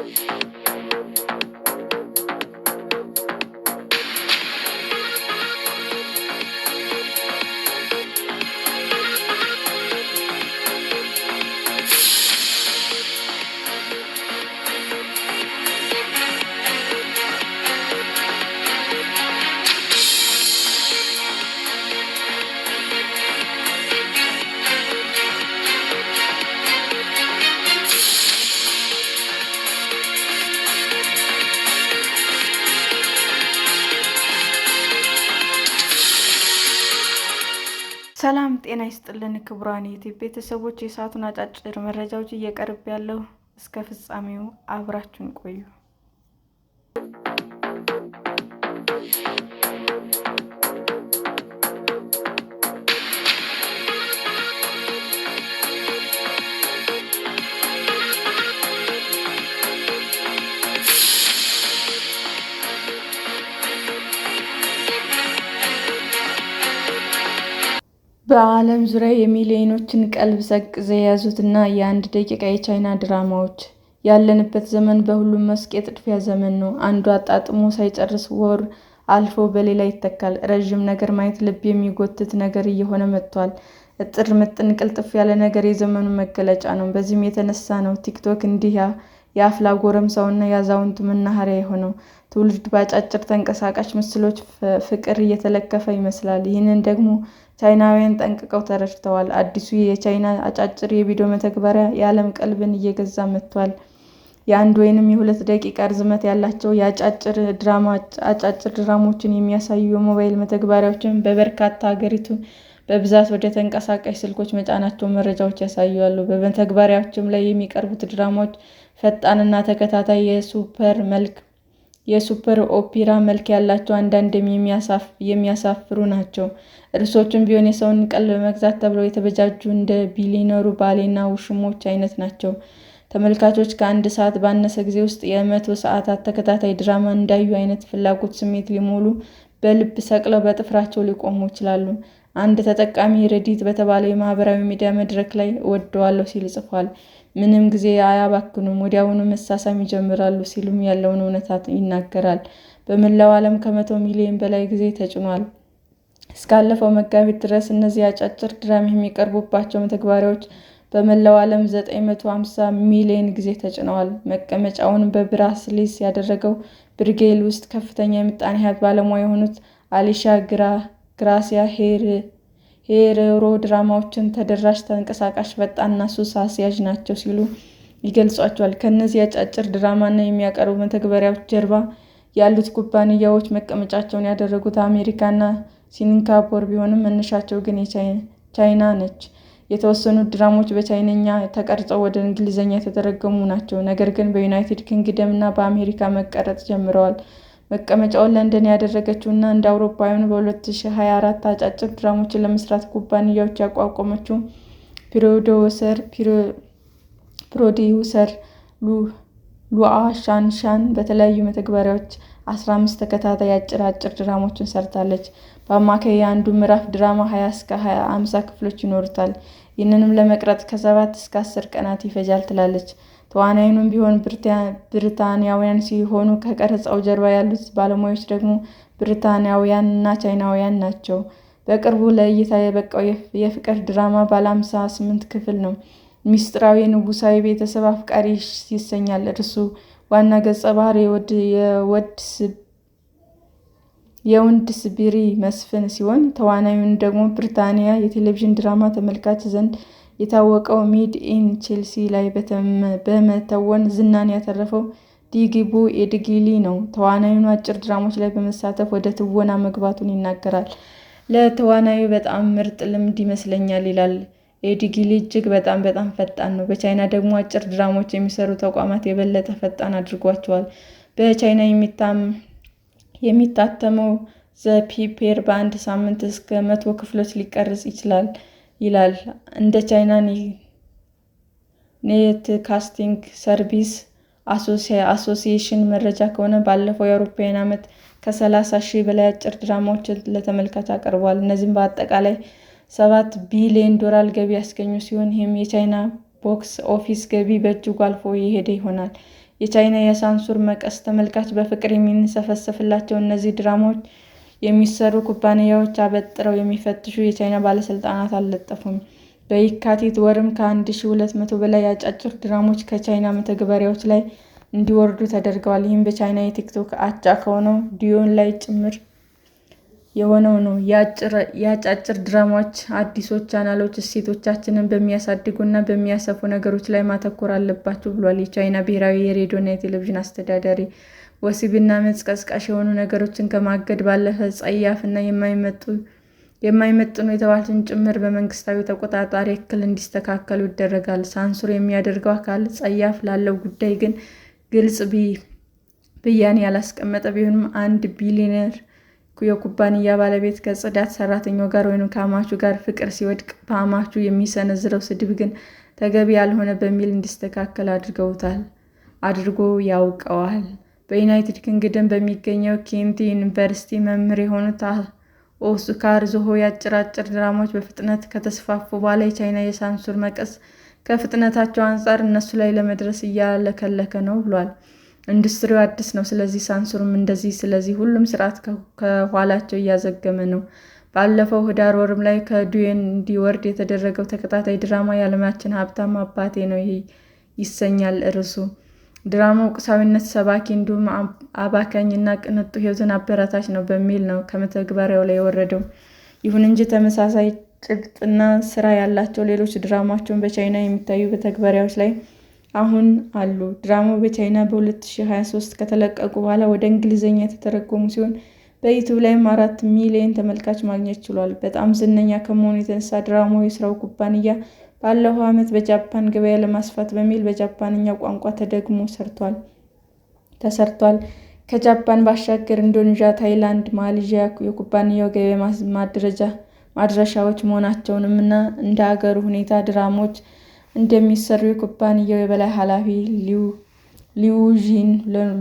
Thank you. ጤና ይስጥልን ክቡራን ዩቲዩብ ቤተሰቦች፣ የሰዓቱን አጫጭር መረጃዎች እየቀርብ ያለው እስከ ፍጻሜው አብራችን ቆዩ። በዓለም ዙሪያ የሚሊዮኖችን ቀልብ የያዙት እና የአንድ ደቂቃ የቻይና ድራማዎች! ያለንበት ዘመን በሁሉም መስክ የጥድፊያ ዘመን ነው። አንዱ አጣጥሞ ሳይጨርስ ወር አልፎ በሌላ ይተካል። ረዥም ነገር ማየት ልብ የሚጎትት ነገር እየሆነ መጥቷል። እጥር ምጥን ቅልጥፍ ያለ ነገር የዘመኑ መገለጫ ነው። በዚህም የተነሳ ነው ቲክቶክ እንዲህ የአፍላ ጎረምሳውና የአዛውንቱ መናኸሪያ የሆነው ትውልድ በአጫጭር ተንቀሳቃሽ ምስሎች ፍቅር እየተለከፈ ይመስላል። ይህንን ደግሞ ቻይናውያን ጠንቅቀው ተረድተዋል። አዲሱ የቻይና አጫጭር የቪዲዮ መተግበሪያ የዓለም ቀልብን እየገዛ መጥቷል። የአንድ ወይንም የሁለት ደቂቃ ርዝመት ያላቸው የአጫጭር ድራማ አጫጭር ድራሞችን የሚያሳዩ የሞባይል መተግበሪያዎችን በበርካታ ሀገሪቱ በብዛት ወደ ተንቀሳቃሽ ስልኮች መጫናቸውን መረጃዎች ያሳያሉ። በመተግበሪያዎችም ላይ የሚቀርቡት ድራማዎች ፈጣንና ተከታታይ የሱፐር ኦፔራ መልክ ያላቸው፣ አንዳንድም የሚያሳፍሩ ናቸው። ርዕሶቹም ቢሆን የሰውን ቀልብ በመግዛት ተብለው የተበጃጁ እንደ ቢሊነሩ ባሌና ውሽሞች አይነት ናቸው። ተመልካቾች ከአንድ ሰዓት ባነሰ ጊዜ ውስጥ የመቶ ሰዓታት ተከታታይ ድራማ እንዳዩ አይነት ፍላጎት ስሜት ሊሞሉ በልብ ሰቅለው በጥፍራቸው ሊቆሙ ይችላሉ። አንድ ተጠቃሚ ረዲት በተባለው የማህበራዊ ሚዲያ መድረክ ላይ እወደዋለሁ ሲል ጽፏል። ምንም ጊዜ አያባክኑም፣ ወዲያውኑ መሳሳም ይጀምራሉ ሲሉም ያለውን እውነታ ይናገራል። በመላው ዓለም ከመቶ ሚሊዮን በላይ ጊዜ ተጭኗል። እስካለፈው መጋቢት ድረስ እነዚህ አጫጭር ድራማ የሚቀርቡባቸው መተግበሪያዎች በመላው ዓለም 950 ሚሊዮን ጊዜ ተጭነዋል። መቀመጫውን በብራስልስ ያደረገው ብርጌል ውስጥ ከፍተኛ የምጣኔ ሀብት ባለሙያ የሆኑት አሊሻ ግራ ግራሲያ ሄሬሮ ድራማዎችን ተደራሽ፣ ተንቀሳቃሽ፣ ፈጣንና ሱስ አስያዥ ናቸው ሲሉ ይገልጿቸዋል። ከእነዚህ አጫጭር ድራማና የሚያቀርቡ መተግበሪያዎች ጀርባ ያሉት ኩባንያዎች መቀመጫቸውን ያደረጉት አሜሪካና ሲንጋፖር ቢሆንም መነሻቸው ግን ቻይና ነች። የተወሰኑት ድራሞች በቻይነኛ ተቀርጸው ወደ እንግሊዝኛ የተተረገሙ ናቸው። ነገር ግን በዩናይትድ ኪንግደም እና በአሜሪካ መቀረጽ ጀምረዋል። መቀመጫውን ለንደን ያደረገችው እና እንደ አውሮፓውያኑ በ2024 አጫጭር ድራሞችን ለመስራት ኩባንያዎች ያቋቋመችው ፕሮዲውሰር ሉአ ሻንሻን በተለያዩ መተግበሪያዎች 15 ተከታታይ አጭር አጭር ድራሞችን ሰርታለች። በአማካይ የአንዱ ምዕራፍ ድራማ 20 እስከ 50 ክፍሎች ይኖሩታል። ይህንንም ለመቅረጥ ከ7 እስከ 10 ቀናት ይፈጃል ትላለች። ተዋናይኑም ቢሆን ብሪታንያውያን ሲሆኑ ከቀረጻው ጀርባ ያሉት ባለሙያዎች ደግሞ ብሪታንያውያን እና ቻይናውያን ናቸው። በቅርቡ ለእይታ የበቃው የፍቅር ድራማ ባለ ሃምሳ ስምንት ክፍል ነው። ሚስጥራዊ ንጉሣዊ ቤተሰብ አፍቃሪ ይሰኛል። እርሱ ዋና ገጸ ባህሪ ስቢሪ መስፍን ሲሆን ተዋናዩን ደግሞ ብሪታንያ የቴሌቪዥን ድራማ ተመልካች ዘንድ የታወቀው ሚድ ኢን ቼልሲ ላይ በመተወን ዝናን ያተረፈው ዲጊቡ ኤድጊሊ ነው። ተዋናዩን አጭር ድራሞች ላይ በመሳተፍ ወደ ትወና መግባቱን ይናገራል። ለተዋናዩ በጣም ምርጥ ልምድ ይመስለኛል ይላል። ኤድጊሊ እጅግ በጣም በጣም ፈጣን ነው። በቻይና ደግሞ አጭር ድራሞች የሚሰሩ ተቋማት የበለጠ ፈጣን አድርጓቸዋል። በቻይና የሚታተመው ዘ ፒፔር በአንድ ሳምንት እስከ መቶ ክፍሎች ሊቀርጽ ይችላል። ይላል። እንደ ቻይና ኔት ካስቲንግ ሰርቪስ አሶሲዬሽን መረጃ ከሆነ ባለፈው የአውሮፓውያን ዓመት ከ30 ሺህ በላይ አጭር ድራማዎች ለተመልካች አቅርቧል። እነዚህም በአጠቃላይ 7 ቢሊዮን ዶላር ገቢ ያስገኙ ሲሆን ይህም የቻይና ቦክስ ኦፊስ ገቢ በእጅጉ አልፎ የሄደ ይሆናል። የቻይና የሳንሱር መቀስ ተመልካች በፍቅር የሚንሰፈሰፍላቸው እነዚህ ድራማዎች የሚሰሩ ኩባንያዎች አበጥረው የሚፈትሹ የቻይና ባለስልጣናት አልለጠፉም። በየካቲት ወርም ከ1200 በላይ አጫጭር ድራሞች ከቻይና መተግበሪያዎች ላይ እንዲወርዱ ተደርገዋል። ይህም በቻይና የቲክቶክ አቻ ከሆነው ዲዮን ላይ ጭምር የሆነው ነው። የአጫጭር ድራማዎች አዲሶች ቻናሎች እሴቶቻችንን በሚያሳድጉ እና በሚያሰፉ ነገሮች ላይ ማተኮር አለባቸው ብሏል የቻይና ብሔራዊ የሬዲዮ የቴሌቪዥን አስተዳዳሪ። ወሲብና አመጽ የሆኑ ነገሮችን ከማገድ ባለፈ ጸያፍና የማይመጥኑ የተባሉትን ጭምር በመንግስታዊ ተቆጣጣሪ እክል እንዲስተካከሉ ይደረጋል። ሳንሱር የሚያደርገው አካል ጸያፍ ላለው ጉዳይ ግን ግልጽ ብያኔ ያላስቀመጠ ቢሆንም አንድ ቢሊነር የኩባንያ ባለቤት ከጽዳት ሰራተኛው ጋር ወይም ከአማቹ ጋር ፍቅር ሲወድቅ በአማቹ የሚሰነዝረው ስድብ ግን ተገቢ ያልሆነ በሚል እንዲስተካከል አድርገውታል አድርጎ ያውቀዋል። በዩናይትድ ኪንግደም በሚገኘው ኬንቲ ዩኒቨርሲቲ መምህር የሆኑት ኦስካር ዞሆ የአጭራጭር አጭር ድራማዎች በፍጥነት ከተስፋፉ በኋላ የቻይና የሳንሱር መቀስ ከፍጥነታቸው አንጻር እነሱ ላይ ለመድረስ እያለከለከ ነው ብሏል። ኢንዱስትሪው አዲስ ነው፣ ስለዚህ ሳንሱርም እንደዚህ። ስለዚህ ሁሉም ስርዓት ከኋላቸው እያዘገመ ነው። ባለፈው ህዳር ወርም ላይ ከዱዌን እንዲወርድ የተደረገው ተከታታይ ድራማ የዓለማችን ሀብታም አባቴ ነው ይሰኛል ርዕሱ። ድራማው ቁሳዊነት ሰባኪ እንዲሁም አባካኝ እና ቅንጡ ሕይወትን አበረታች ነው በሚል ነው ከመተግበሪያው ላይ የወረደው። ይሁን እንጂ ተመሳሳይ ጭብጥና ስራ ያላቸው ሌሎች ድራማቸውን በቻይና የሚታዩ በተግበሪያዎች ላይ አሁን አሉ። ድራማው በቻይና በ2023 ከተለቀቁ በኋላ ወደ እንግሊዝኛ የተተረጎሙ ሲሆን በዩቱብ ላይም አራት ሚሊዮን ተመልካች ማግኘት ችሏል። በጣም ዝነኛ ከመሆኑ የተነሳ ድራማው የስራው ኩባንያ ባለፈው ዓመት በጃፓን ገበያ ለማስፋት በሚል በጃፓንኛ ቋንቋ ተደግሞ ተሰርቷል። ከጃፓን ባሻገር ኢንዶኔዥያ፣ ታይላንድ፣ ማሌዥያ የኩባንያው ገበያ ማድረሻዎች መሆናቸውንም እና እንደ አገሩ ሁኔታ ድራሞች እንደሚሰሩ የኩባንያው የበላይ ኃላፊ ሊዩ ዢን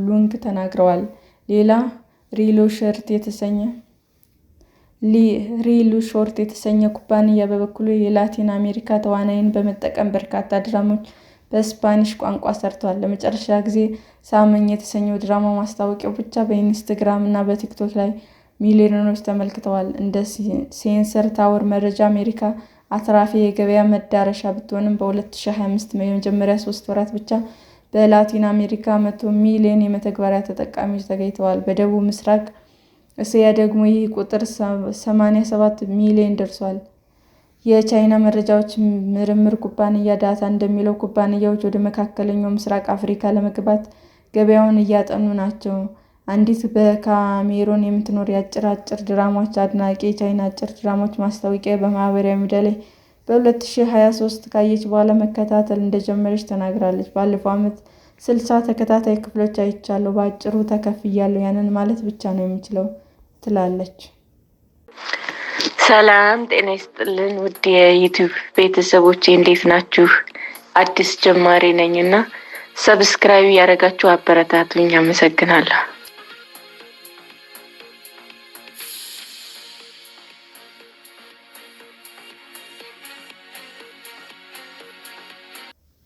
ሉንግ ተናግረዋል። ሌላ ሪሎ ሸርት የተሰኘ ሪሉ ሾርት የተሰኘ ኩባንያ በበኩሉ የላቲን አሜሪካ ተዋናይን በመጠቀም በርካታ ድራማዎች በስፓኒሽ ቋንቋ ሰርተዋል። ለመጨረሻ ጊዜ "ሳመኝ" የተሰኘው ድራማ ማስታወቂያው ብቻ በኢንስታግራም እና በቲክቶክ ላይ ሚሊዮኖች ተመልክተዋል። እንደ ሴንሰር ታወር መረጃ አሜሪካ አትራፊ የገበያ መዳረሻ ብትሆንም፣ በ2025 የመጀመሪያ ሶስት ወራት ብቻ በላቲን አሜሪካ መቶ ሚሊዮን የመተግበሪያ ተጠቃሚዎች ተገኝተዋል። በደቡብ ምስራቅ እስያ ደግሞ ይህ ቁጥር 87 ሚሊዮን ደርሷል። የቻይና መረጃዎች ምርምር ኩባንያ ዳታ እንደሚለው ኩባንያዎች ወደ መካከለኛው ምስራቅ አፍሪካ ለመግባት ገበያውን እያጠኑ ናቸው። አንዲት በካሜሮን የምትኖር የአጭር አጭር ድራማዎች አድናቂ የቻይና አጭር ድራማዎች ማስታወቂያ በማህበራዊ ሚዲያ ላይ በ2023 ካየች በኋላ መከታተል እንደጀመረች ተናግራለች። ባለፈው ዓመት ስልሳ ተከታታይ ክፍሎች አይቻለሁ። በአጭሩ ተከፍያለሁ። ያንን ማለት ብቻ ነው የምችለው ትላለች። ሰላም ጤና ይስጥልን ውድ የዩቲዩብ ቤተሰቦች እንዴት ናችሁ? አዲስ ጀማሪ ነኝ እና ሰብስክራይብ ያደረጋችሁ አበረታቱኝ። አመሰግናለሁ።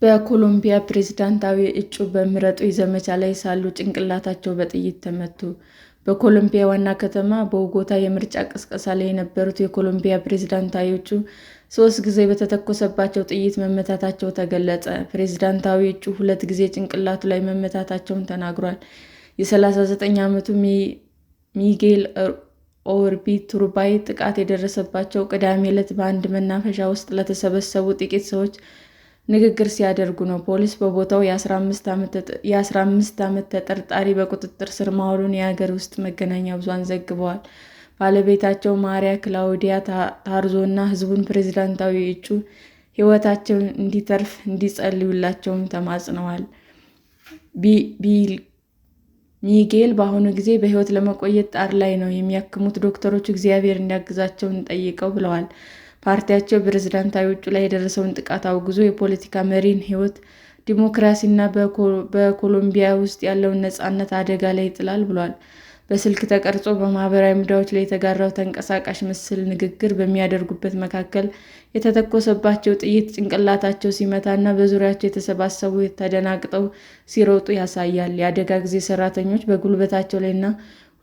በኮሎምቢያ ፕሬዝዳንታዊ እጩ በምረጡ ዘመቻ ላይ ሳሉ ጭንቅላታቸው በጥይት ተመቱ። በኮሎምቢያ ዋና ከተማ ቦጎታ የምርጫ ቅስቀሳ ላይ የነበሩት የኮሎምቢያ ፕሬዝዳንታዊ እጩ ሦስት ጊዜ በተተኮሰባቸው ጥይት መመታታቸው ተገለጸ። ፕሬዝዳንታዊ እጩ ሁለት ጊዜ ጭንቅላቱ ላይ መመታታቸውን ተናግሯል። የ39 ዓመቱ ሚጌል ኦርቢ ቱርባይ ጥቃት የደረሰባቸው ቅዳሜ ዕለት በአንድ መናፈሻ ውስጥ ለተሰበሰቡ ጥቂት ሰዎች ንግግር ሲያደርጉ ነው። ፖሊስ በቦታው የ15 ዓመት ተጠርጣሪ በቁጥጥር ስር ማዋሉን የሀገር ውስጥ መገናኛ ብዙኃን ዘግበዋል። ባለቤታቸው ማሪያ ክላውዲያ ታርዞና ሕዝቡን ፕሬዚዳንታዊ እጩ ሕይወታቸው እንዲተርፍ እንዲጸልዩላቸውም ተማጽነዋል። ሚጌል በአሁኑ ጊዜ በሕይወት ለመቆየት ጣር ላይ ነው። የሚያክሙት ዶክተሮች እግዚአብሔር እንዲያግዛቸውን ጠይቀው ብለዋል። ፓርቲያቸው ፕሬዝዳንታዊ እጩ ላይ የደረሰውን ጥቃት አውግዞ የፖለቲካ መሪን ሕይወት፣ ዲሞክራሲና በኮሎምቢያ ውስጥ ያለውን ነፃነት አደጋ ላይ ይጥላል ብሏል። በስልክ ተቀርጾ በማህበራዊ ሚዲያዎች ላይ የተጋራው ተንቀሳቃሽ ምስል ንግግር በሚያደርጉበት መካከል የተተኮሰባቸው ጥይት ጭንቅላታቸው ሲመታና በዙሪያቸው የተሰባሰቡ ተደናግጠው ሲሮጡ ያሳያል። የአደጋ ጊዜ ሠራተኞች በጉልበታቸው ላይ እና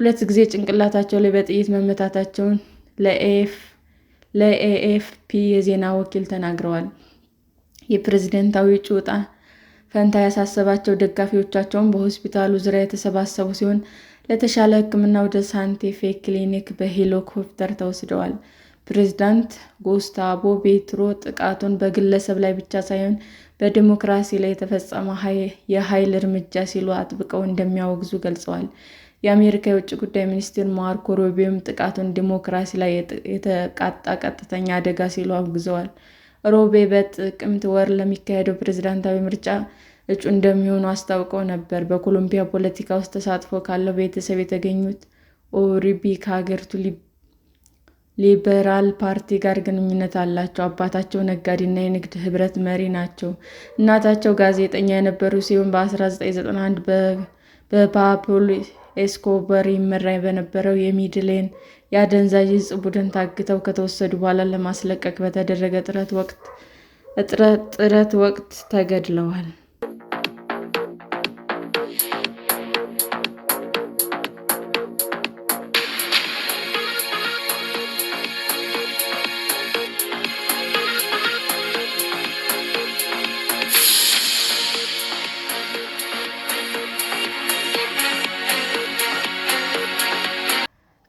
ሁለት ጊዜ ጭንቅላታቸው ላይ በጥይት መመታታቸውን ለኤፍ ለኤኤፍፒ የዜና ወኪል ተናግረዋል። የፕሬዝደንታዊ እጩ ዕጣ ፈንታ ያሳሰባቸው ደጋፊዎቻቸውን በሆስፒታሉ ዙሪያ የተሰባሰቡ ሲሆን ለተሻለ ሕክምና ወደ ሳንቴፌ ክሊኒክ በሄሊኮፕተር ተወስደዋል። ፕሬዝዳንት ጉስታቮ ፔትሮ ጥቃቱን በግለሰብ ላይ ብቻ ሳይሆን በዲሞክራሲ ላይ የተፈጸመ የኃይል እርምጃ ሲሉ አጥብቀው እንደሚያወግዙ ገልጸዋል። የአሜሪካ የውጭ ጉዳይ ሚኒስትር ማርኮ ሮቢዮም ጥቃቱን ዲሞክራሲ ላይ የተቃጣ ቀጥተኛ አደጋ ሲሉ አውግዘዋል። ሮቤ በጥቅምት ወር ለሚካሄደው ፕሬዝዳንታዊ ምርጫ እጩ እንደሚሆኑ አስታውቀው ነበር። በኮሎምቢያ ፖለቲካ ውስጥ ተሳትፎ ካለው ቤተሰብ የተገኙት ኦሪቢ ከሀገሪቱ ሊበራል ፓርቲ ጋር ግንኙነት አላቸው። አባታቸው ነጋዴና የንግድ ህብረት መሪ ናቸው። እናታቸው ጋዜጠኛ የነበሩ ሲሆን በ1991 በፓፖሊ ኤስኮበር ይመራ በነበረው የሚድሌን የአደንዛዥ ቡድን ታግተው ከተወሰዱ በኋላ ለማስለቀቅ በተደረገ ጥረት ወቅት ተገድለዋል።